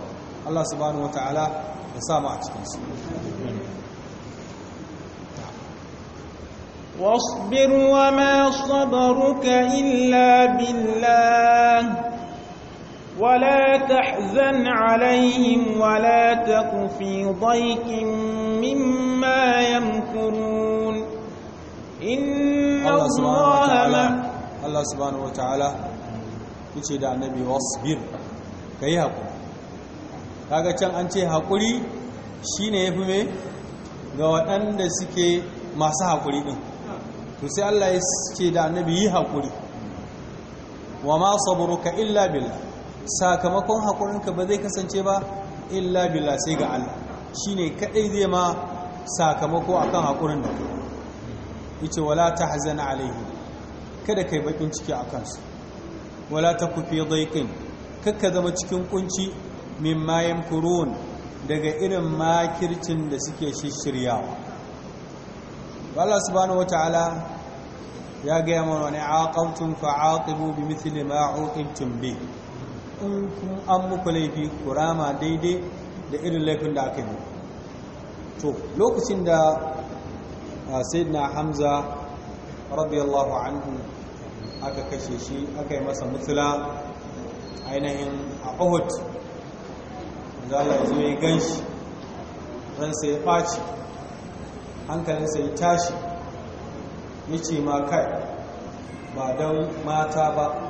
Allah subhanahu wa ta'ala ya samu a cikinsu واصبر وما صبرك إلا بالله ولا تحزن عليهم ولا تك في ضيق مما يمكرون inna allaha ma Allah subhanahu ta'ala yace da annabi wasbir kai hakuri kaga can an ce hakuri shine yafi me ga waɗanda suke masu hakuri din to sai Allah ya ce da annabi yi hakuri wa ma sabruka illa billah sakamakon hakurinka ba zai kasance ba illa billah sai ga Allah shine kadai zai ma sakamako akan haƙurin da kai yace wala ta Hazana alaihi kada kai bakin ciki a kansu wala taku fi dhaiqin zama cikin kunci mayan kurun daga irin makircin da suke shishiryawa Allah subhanahu wataala ya gaya mana wani aqabtum fa'aqibu bimithli ma uqibtum bi in kun an muku laifi kurama daidai da irin laifin da aka yi to lokacin da na hamza radiyallahu anhu aka kashe shi aka yi masa mutula ainihin a uhud a zo ya gan shi ransa ya ɓaci hankalinsa ya tashi ya ce ma kai ba don mata ba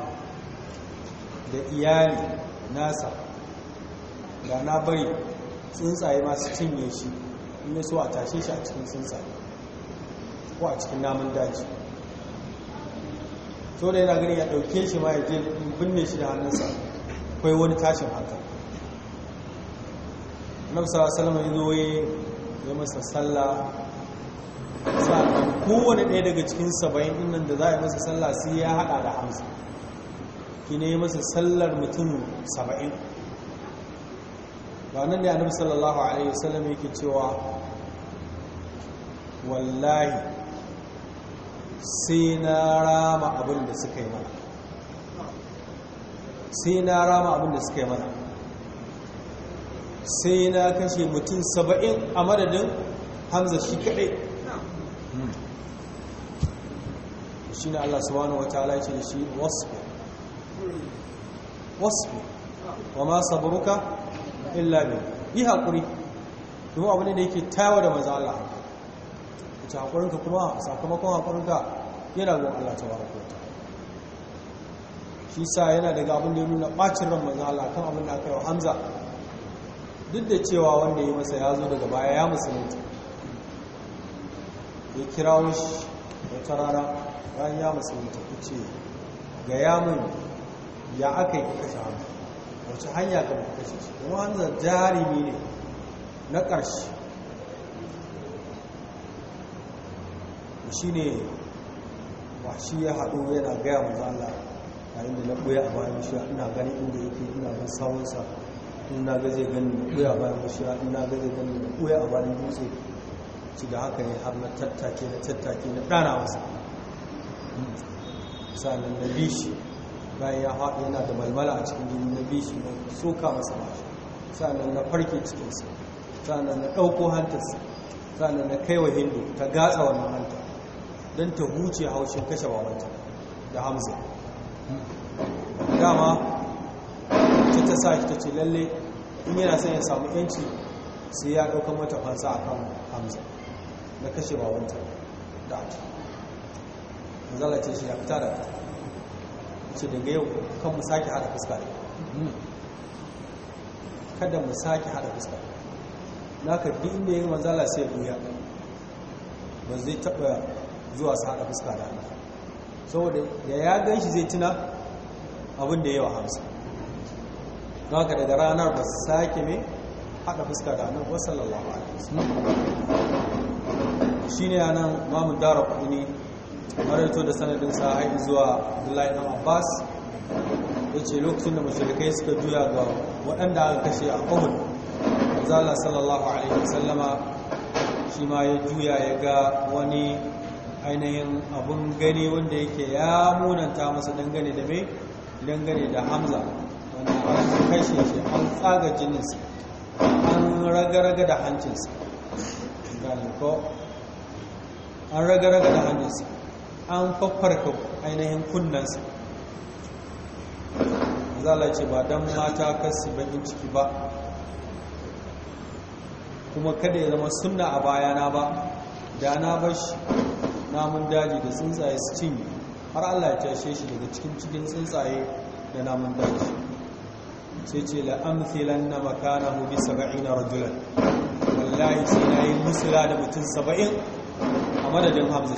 da iyali nasa da na bari tsuntsaye masu cinye shi in so a tashe shi a cikin tsuntsaye ko a cikin namun daji so da yana gani ya ɗauke shi ma ya je binne shi da hannunsa akwai wani tashin haka annabi sallallahu alaihi wasallam ya zo ya masa sallah sa'an kowane ɗaya daga cikin saba'in ɗinnan da za a yi masa sallah sai ya haɗa da hamsa ki ne masa sallar mutum saba'in ba nan da annabi sallallahu alaihi wasallam yake cewa wallahi sai na rama abin da suka yi mana sai na rama abin da suka yi mana sai na kashe mutum saba'in a madadin hamza shi kaɗai hmm. shi ne Allah subhanahu wa ta'ala ce da shi wasu wasu wa ma sabruka illa bi yi haƙuri domin ne da yake tawa da maza Allah ita haƙurinka kuma a sakamakon haƙurinka yana ga Allah ta wara kota shi sa yana daga abin da ya nuna ɓacin ran manzan Allah kan abin da aka yi wa Hamza duk da cewa wanda ya masa ya zo daga baya ya musulunta ya kirawo shi wata rana bayan ya musulunta ku ce ga yamun ya aka yi kashe Hamza wace hanya ka kashe shi kuma Hamza jarumi ne na ƙarshe shi ne shi ya haɗo yana gaya zala yayin da na ɓoya a bayan shi ina gani inda yake ina ban sawunsa in na gaje gani na ɓoya a bayan shi in na gaje gani na ɓoya a bayan dutse ci da haka ne har na tattake na tattake na ɗana masa sa'annan na bi shi bayan ya haɗu yana da malmala a cikin jini na bi shi na soka masa bashi sa'annan na farke cikinsa sa'annan na ɗauko hantarsa sa'annan na kaiwa hindu ta gatsa wannan hantar don ta huce haushin kashe babanta da hamza dama ta ta sa ta ce lalle in yana Sanya samun samu yanci sai ya ɗaukar mata fansa a kan hamza da kashe babanta da ake zala ce shi ya fita da fita ce daga yau kan mu sake hada fuska da kada mu sake hada fuska na ka duk inda yin manzala sai buya ba zai taɓa zuwa su haɗa fuska da Allah saboda da ya gan shi zai tuna abin da yawa hamsa don haka daga ranar ba su sake mai haɗa fuska da annabi wasu sallallahu alaihi wasallam shi ne a nan mamun dara kuɗi ne maraito da sanadin sa haɗi zuwa Abdullahi ɗan Abbas ya ce lokacin da mashirikai suka juya ga waɗanda aka kashe a ƙahun zala sallallahu alaihi wasallama shi ma ya juya ya ga wani ainihin abun gani wanda yake ya munanta masa dangane da mai dangane da hamza wanda an kashe shi an tsaga jininsa an raga-raga da hancinsa ko an raga-raga da hancinsa an faffarka ainihin kunnansa zala ce ba don mata kasu bakin ciki ba kuma kada ya zama sunna a bayana ba da na bashi namun daji da tsuntsaye su cinye har Allah ya tashe shi daga cikin cikin tsuntsaye da namun daji sai ce la'amthilan na mu bi a rajulan wallahi sai na yi musula da mutum saba'in a madadin hamza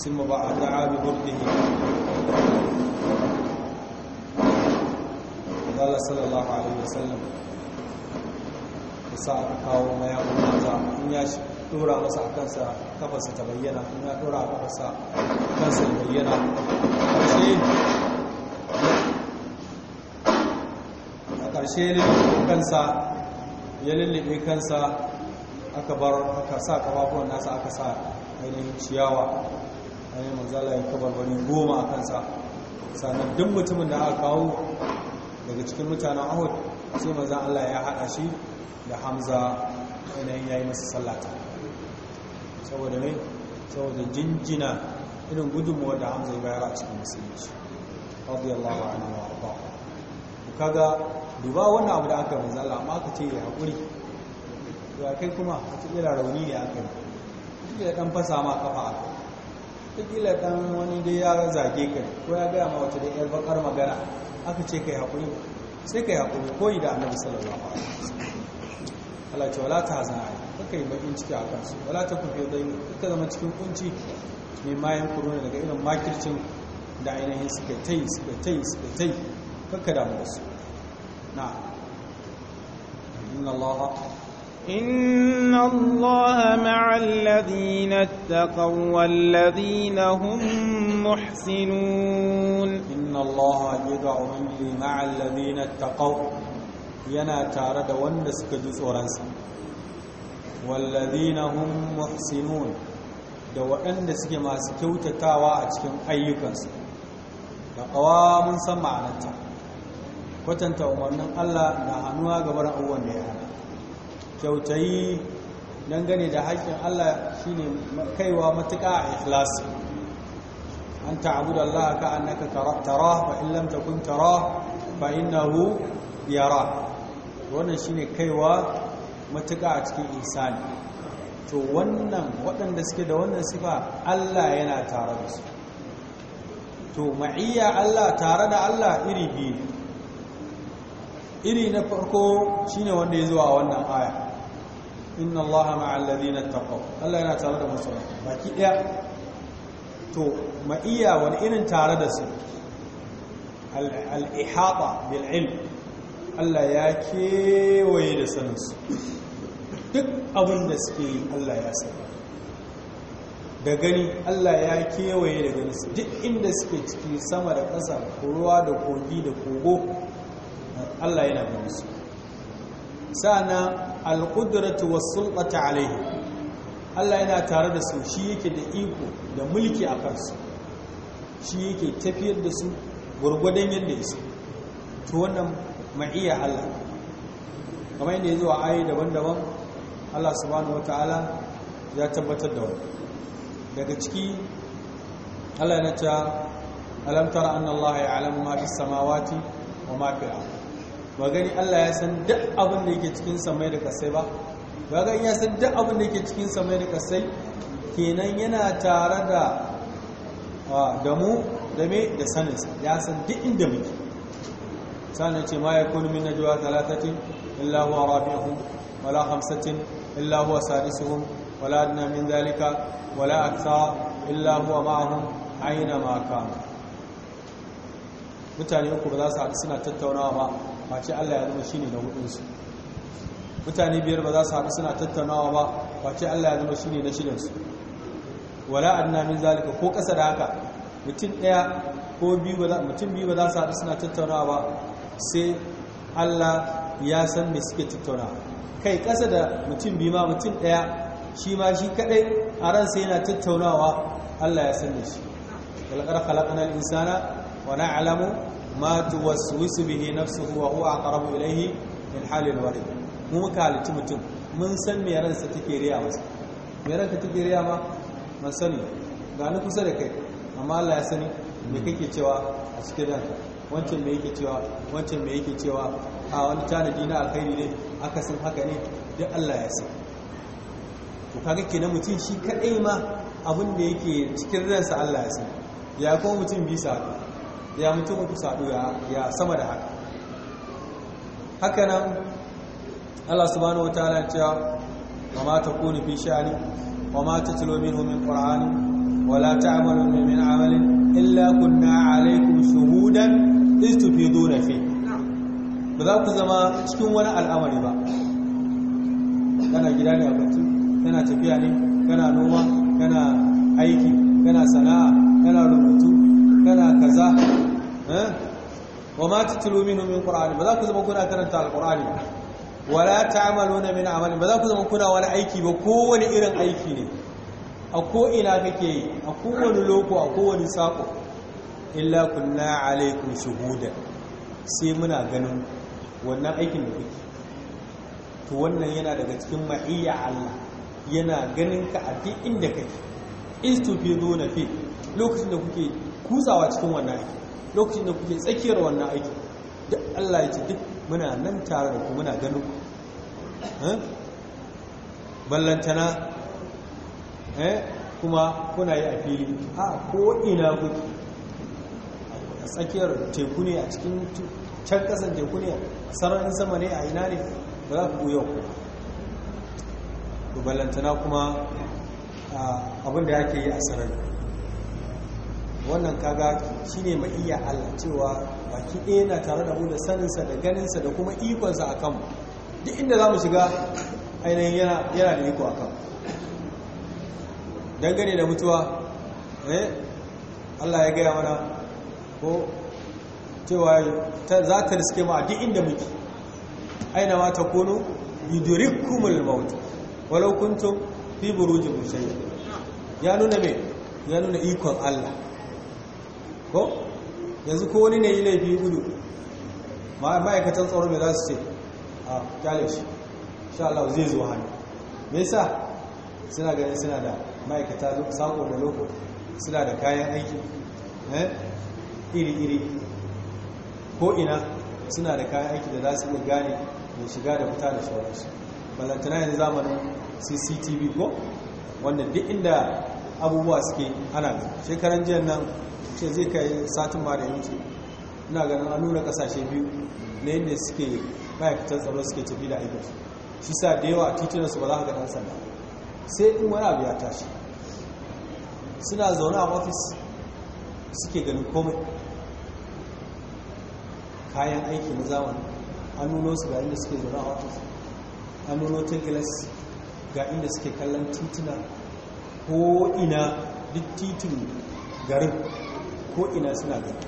sun ma ba a ta'a bi burdihi Allah sallallahu alaihi wasallam sa aka kawo mayafin mata in ya dora masa a kansa kafarsa ta bayyana in ya dora a kafarsa kansa ta bayyana a ƙarshe ya lullube kansa ya lullube kansa aka bar aka sa kafafuwan nasa aka sa ainihin ciyawa ainihin manzala ya kabar wani goma a kansa sannan duk mutumin da aka kawo daga cikin mutanen ahud sai manzan allah ya haɗa shi da hamza yanayin ya yi masa sallata saboda ne saboda jinjina irin gudunmuwa da hamza ya bayar a cikin musulunci radiyallahu anhu wa ba ku kaga duba wani abu da aka yi Allah amma aka ce ya hakuri ya kai kuma a cikin rauni ne aka yi da ɗan fasa ma kafa a ta kila dan wani dai ya zage ka ko ya gaya ma wata da yar bakar magana aka ce kai hakuri sai kai hakuri koyi da annabi sallallahu alaihi wasallam Allah ce wala ta hazana ai kaka yi bakin ciki a kansu wala ta kufe dai kaka zama cikin kunci mai mayan kuruna daga irin makircin da ainihin suka tai suka tai suka tai kaka damu da su na inna Allah إن الله مع الذين اتقوا والذين هم محسنون إن الله يدعو مني مع الذين اتقوا yana tare da wanda suka ji tsoronsa walladina hun muhsinun da waɗanda suke masu kyautatawa a cikin ayyukansu da ƙawa mun san ma'anarta kwatanta umarnin Allah na hannuwa ga barin abubuwan da ya hana kyautayi dangane da haƙƙin Allah shi shine kaiwa matuƙa a ikhlasi an da Allah ka annaka tara fa in lam takun tara fa innahu yara wannan shine kaiwa matuƙa a cikin insani to wannan waɗanda suke da wannan sifa Allah yana tare da su to ma'iyya Allah tare da Allah iri biyu iri na farko shine wanda ya zuwa wannan aya inna Allah ma'al ladina taqaw Allah yana tare da masu baki ɗaya to ma'iyya wani irin tare da su al-ihata bil ilm Allah ya kewaye da saninsu duk abin da suke yi Allah ya sani da gani Allah ya kewaye da gani duk inda suke ciki sama da ƙasa ruwa da kogi da kogo Allah yana ganinsu. su sa'ana alƙudratu was-sulqata alaihi Allah yana tare da su shi yake da iko da mulki a kansu shi yake tafiyar da su gurgudan yadda ya to wannan ma'iyyar Allah kamar yadda ya zo a ayi daban-daban Allah subhanahu wata'ala ya tabbatar da wani daga ciki Allah na ta alamtar tara Allah ya ya'lamu ma fi samawati wa ma fi ard ba gani Allah ya san duk abin da yake cikin samai da kasai ba ba gani ya san duk abin da yake cikin samai da kasai kenan yana tare da ah, damu mu da me da saninsa ya san duk inda muke sannan ce ma yakunu min najwa thalathatin illa huwa rabi'uhum wala khamsatin illa huwa sadisuhum wala adna min zalika wala akthar illa huwa ma'ahum aina maka. mutane uku ba za su haɗu suna tattaunawa ba face Allah ya zama shi ne na hudunsu mutane biyar ba za su haɗu suna tattaunawa ba face Allah ya zama shi ne na shidansu wala adna min zalika ko ƙasa da haka mutum daya ko mutum biyu ba za su haɗu suna tattaunawa ba sai Allah ya san me suke tattauna kai ƙasa da mutum biyu ma mutum ɗaya shi ma shi kaɗai a ransa yana tattaunawa Allah ya san da shi kalkar khalaqana insana wa alamu ma wisu bihi nafsuhu wa huwa aqrabu ilaihi min halin wari mu muka halittu mutum mun san me ransa take riya masa me ranka take riya ma mun sani ga ni kusa da kai amma Allah ya sani me kake cewa a cikin ranka wancan me yake cewa wancan me yake cewa a wani tanadi na alkhairi ne aka san haka ne duk Allah ya san to kaga kenan mutum shi kadai ma abin da yake cikin ransa Allah ya san ya ko mutum bi sa ya mutum ku sadu ya sama da haka haka nan Allah subhanahu wataala ya ce wa ma takunu fi shani wa ma tatlu minhu min qur'ani ولا ta'malu min amalin illa kunna alaykum shuhudan istufidu fi ba za ku zama cikin wani al'amari ba kana gida ne a kwanci kana tafiya ne kana noma kana aiki kana sana'a kana rubutu kana kaza eh? wa ma tutulu minhu min qur'ani ba za ku zama kuna karanta alqur'ani wala ta'maluna min amali ba za ku zama kuna wani aiki ba Ko wani irin aiki ne a ko ina kake yi a kowane loko a kowane sako illa kunna alaikun shuhuda sai muna ganin wannan aikin da kuke to wannan yana daga cikin ma'iyya Allah yana ganin ka a duk inda kake zo na fi lokacin da kuke kusawa cikin wannan aiki lokacin da kuke tsakiyar wannan aiki duk Allah ya ce duk muna nan tare da ku muna ganin ku eh? ballantana eh? kuma kuna yi a fili a ko ina kuke a tsakiyar teku ne a cikin can kasan teku ne sararin sama ne a ina ne ba za ku yau ba. balantana kuma abin da yake yi a sarari wannan kaga shine mai iya Allah cewa baki ɗaya na tare da hudu saninsa da ganinsa da kuma ikonsa a kanmu duk inda za mu shiga ainihin yana da iko a kan dangane da mutuwa eh, Allah ya gaya mana ko cewa za ta riske ma duk inda muke aina ma ta kono yudurikumul maut walau kuntum fi burujin mushayya ya nuna me ya nuna ikon Allah ko yanzu ko wani ne yi laifi gudu ma'aikatan tsaro mai za su ce a kyale shi sha Allah zai zuwa hannu me yasa suna ganin suna da ma'aikata sako da loko suna da kayan aiki eh iri-iri ko ina suna da kayan aiki da za su iya gane mai shiga da fita da sauransu balantana yanzu zamanin cctv ko wanda duk inda abubuwa suke ana da shekaran jiyan nan ce zai kai satin ba da yanci ina ganin an nuna kasashe biyu na yadda suke ma'aikatan tsaro suke tafi da su shi sa da yawa a su ba za ka ga ɗan sanda sai in wani abu ya tashi suna zaune a ofis suke ganin komai kayan aiki na zamani an nuno su ga inda suke zaune a wata an nuno tigilas ga inda suke kallon tituna ko ina duk titin garin ko ina suna gari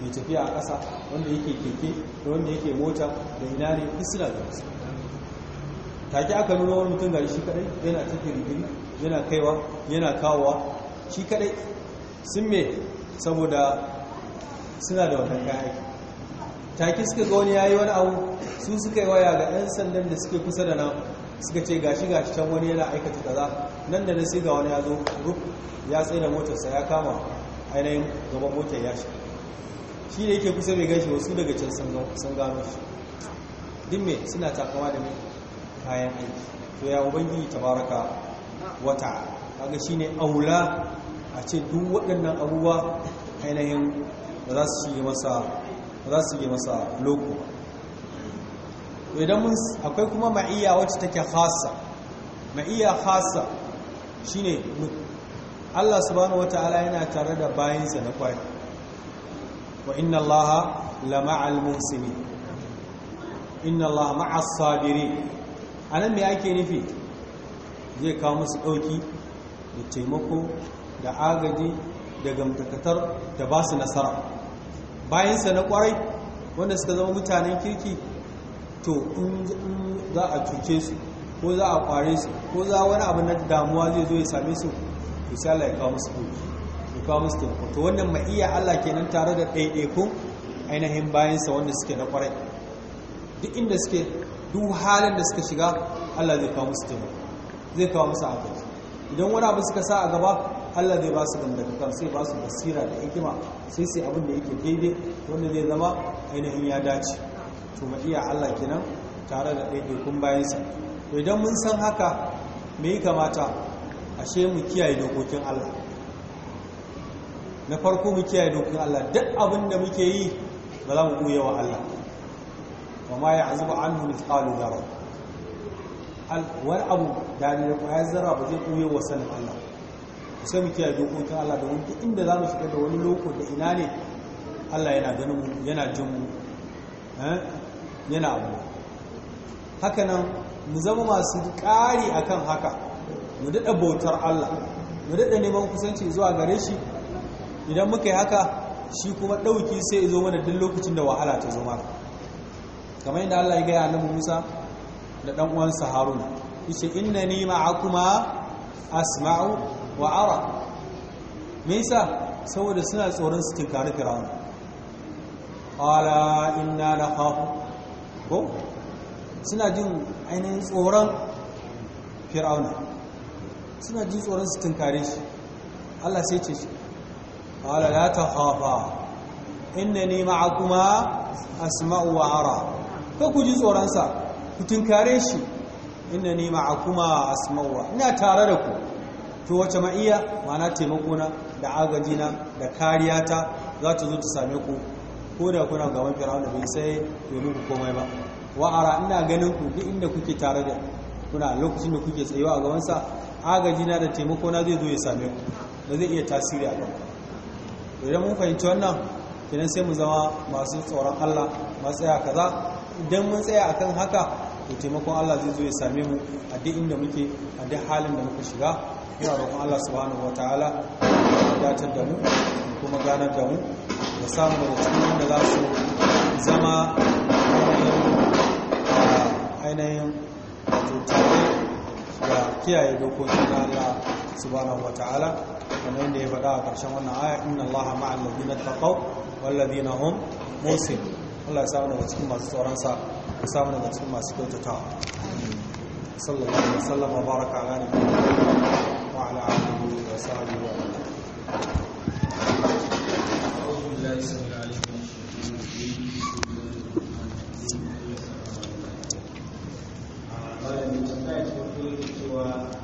mai tafiya a ƙasa wanda yake keke da wanda yake mota da ina ne duk suna gari take aka nuna wani mutum gari shi kadai yana tafi rigiri yana kaiwa yana kawowa shi kadai sun me saboda suna da wata kayan aiki take suka ga wani yayi wani abu su suka yi waya ga ɗan sandan da suke kusa da nan suka ce gashi gashi can wani yana aikata kaza nan da na siga ga wani ya zo ruf ya tsaye da motarsa ya kama ainihin gaban motar ya shi shi ne yake kusa mai gashi wasu daga can sun gano shi dimme suna takawa da kayan aiki to ya ubangiji tabaraka wata kaga ne aula a ce duk waɗannan abubuwa ainihin da za su shige masa za su yi masa loko idan mun akwai kuma ma'iyya wacce take khassa ma'iyya khassa shine Allah subhanahu wataala yana tare da sa na kwai wa inna allaha la ma'al muhsinin inna allaha ma'as sabirin anan me ake nufi zai kawo musu dauki da taimako da agaji da gamtakatar da ba su nasara bayansa na kwarai wanda suka zama mutanen kirki to in za a cuce su ko za a kware su ko za wani abu na damuwa zai zo ya same su to sai Allah ya kawo musu ya kawo musu taimako to wannan iya Allah kenan tare da ɗaiɗaikun ainihin bayansa wanda suke na kwarai duk inda suke duk halin da suka shiga Allah zai kawo musu taimako zai kawo musu agaji idan wani abu suka sa a gaba Allah zai ba su dangantakar sai ba su basira da hikima sai sai abin da yake daidai wanda zai zama ainihin ya dace to ma iya Allah kenan tare da ɗaiɗaikun sa to idan mun san haka me yi kamata ashe mu kiyaye dokokin Allah na farko mu kiyaye dokokin Allah duk abin da muke yi ba za mu goye wa Allah wa ma ya'zubu anhu mithqalu al wani abu da ne da kwayar zarra ba zai goye wa sanin Allah sai mu kiyaye dokokin Allah da wani inda za mu shiga da wani loko da ina ne Allah yana ganin mu yana jin mu eh, yana abu haka nan mu zama masu ƙari akan haka mu daɗa bautar Allah mu daɗa neman kusanci zuwa gare shi idan muka yi haka shi kuma ɗauki sai zo mana duk lokacin da wahala ta zama kamar yadda Allah ya gaya annabi Musa da ɗan uwansa Haruna yace innani ma'akuma asma'u wa ara me yasa saboda suna tsoron su tinkari firawun ala inna la khafu ko suna jin ainihin tsoron firawun suna jin tsoron su tinkare shi Allah sai ce shi qala la takhafa innani ma'akuma asma'u wa ara ka ku ji tsoron sa ku tinkare shi innani ma'akuma asma'u ina tare da ku to wace ma'iya ma'ana taimakona da agajina da kariyata za ta zo ta same ku ko da kuna gaban fir'auna bai sai domin ku komai ba wa'ara ina ganin ku duk inda kuke tare da kuna lokacin da kuke tsayewa a gabansa agajina da taimakona zai zo ya same ku ba zai iya tasiri a kanku idan mun fahimci wannan kenan sai mu zama masu tsoron Allah mu tsaya kaza idan mun tsaya akan haka to taimakon Allah zai zo ya same mu a duk inda muke a duk halin da muka shiga muna roƙon Allah subhanahu wataala ya datar da mu kuma ganar da mu da samu da cikin da za su zama ainihin tare da kiyaye dokokin Allah subhanahu wataala kamar yadda ya faɗa a ƙarshen wannan aya inna Allah ma'al ladina taqaw wal ladina hum musin Allah ya samu da cikin masu tsoron sa ka samu daga cikin masu kyautatawa sallallahu alaihi wasallam wa baraka ala nabiyina wa ala alihi wa sahbihi wa sallam